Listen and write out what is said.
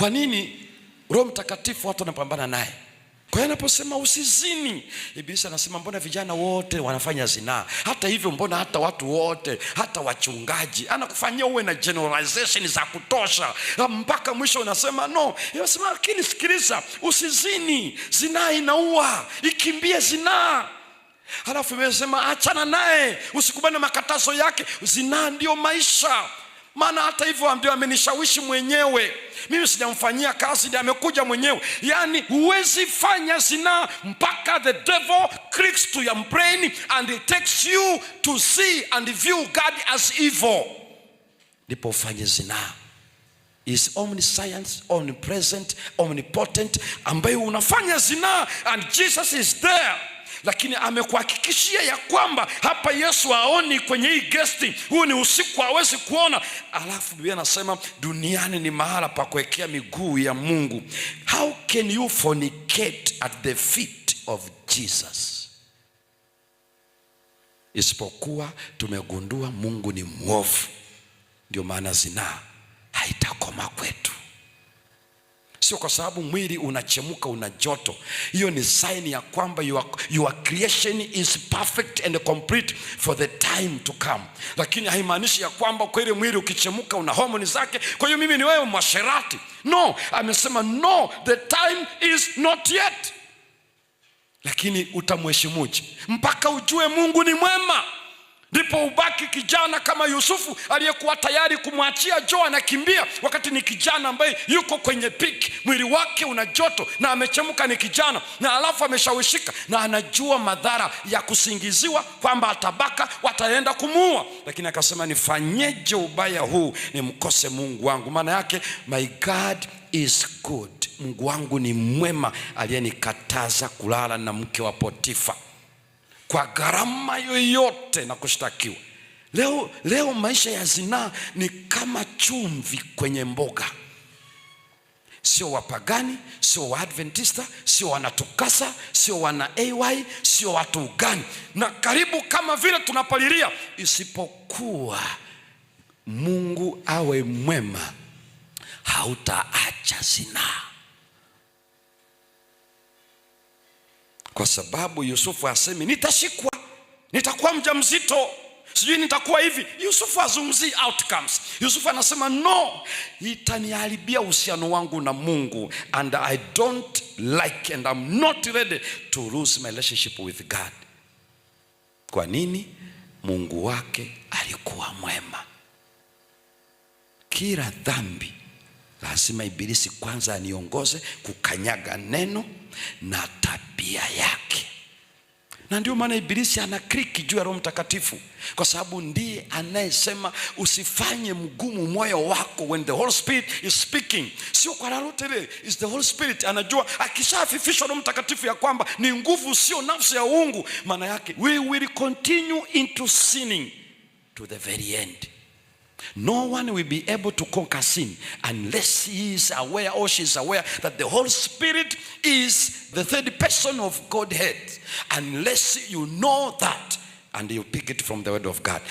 Kwa nini Roho Mtakatifu watu wanapambana naye? Kwa hiyo anaposema usizini, Ibilisi anasema mbona vijana wote wanafanya zinaa? Hata hivyo, mbona hata watu wote, hata wachungaji? Anakufanyia uwe na generalization za kutosha, ah, mpaka mwisho unasema no. Anasema lakini sikiliza, usizini, zinaa inaua, ikimbie zinaa. Halafu imesema achana naye, usikubane makatazo yake. Zinaa ndiyo maisha maana hata hivyo ndio amenishawishi mwenyewe, mimi sijamfanyia kazi, ndio amekuja mwenyewe. Yaani huwezi fanya zinaa mpaka the devil clicks to your brain and it takes you to see and view God as evil, ndipo ufanye zinaa. Is omnipresent, omnipotent, ambaye unafanya zinaa and Jesus is there lakini amekuhakikishia ya kwamba hapa Yesu haoni kwenye hii gesti, huu ni usiku, hawezi kuona. Alafu Biblia anasema duniani ni mahala pa kuwekea miguu ya Mungu. How can you fornicate at the feet of Jesus? Isipokuwa tumegundua Mungu ni mwovu, ndio maana zinaa haitakoma kwetu sio kwa sababu mwili unachemuka una joto. Hiyo ni saini ya kwamba your, your creation is perfect and complete for the time to come, lakini haimaanishi ya kwamba kweli mwili ukichemuka una homoni zake, kwa hiyo mimi ni wewe mwasherati. No, amesema no, the time is not yet. Lakini utamheshimuje mpaka ujue Mungu ni mwema? ndipo ubaki kijana kama Yusufu aliyekuwa tayari kumwachia Joo anakimbia, wakati ni kijana ambaye yuko kwenye piki, mwili wake una joto na amechemka, ni kijana na alafu ameshawishika na anajua madhara ya kusingiziwa kwamba atabaka, wataenda kumuua, lakini akasema, nifanyeje ubaya huu nimkose Mungu wangu? Maana yake my God is good, Mungu wangu ni mwema, aliyenikataza kulala na mke wa Potifa kwa gharama yoyote na kushtakiwa. Leo, leo maisha ya zinaa ni kama chumvi kwenye mboga. Sio wapagani, sio waadventista, sio wanatukasa, sio wana AY, sio watu ugani, na karibu kama vile tunapalilia, isipokuwa Mungu awe mwema, hautaacha zinaa. kwa sababu Yusufu asemi nitashikwa, nitakuwa mjamzito, sijui nitakuwa hivi. Yusufu azungumzii outcomes. Yusufu anasema no, itaniharibia uhusiano wangu na Mungu, and I don't like and I'm not ready to lose my relationship with God. Kwa nini? Mungu wake alikuwa mwema. Kila dhambi lazima ibilisi kwanza aniongoze kukanyaga neno na tabia yake, na ndio maana ibilisi ana kriki juu ya Roho Mtakatifu, kwa sababu ndiye anayesema usifanye mgumu moyo wako when the Holy Spirit is speaking. Sio kwa lolote ile, is the Holy Spirit anajua akishafifishwa Roho Mtakatifu ya kwamba ni nguvu, sio nafsi ya uungu. Maana yake we will continue into sinning to the very end. No one will be able to conquer sin unless he is aware or she is aware that the Holy Spirit is the third person of Godhead. Unless you know that and you pick it from the word of God.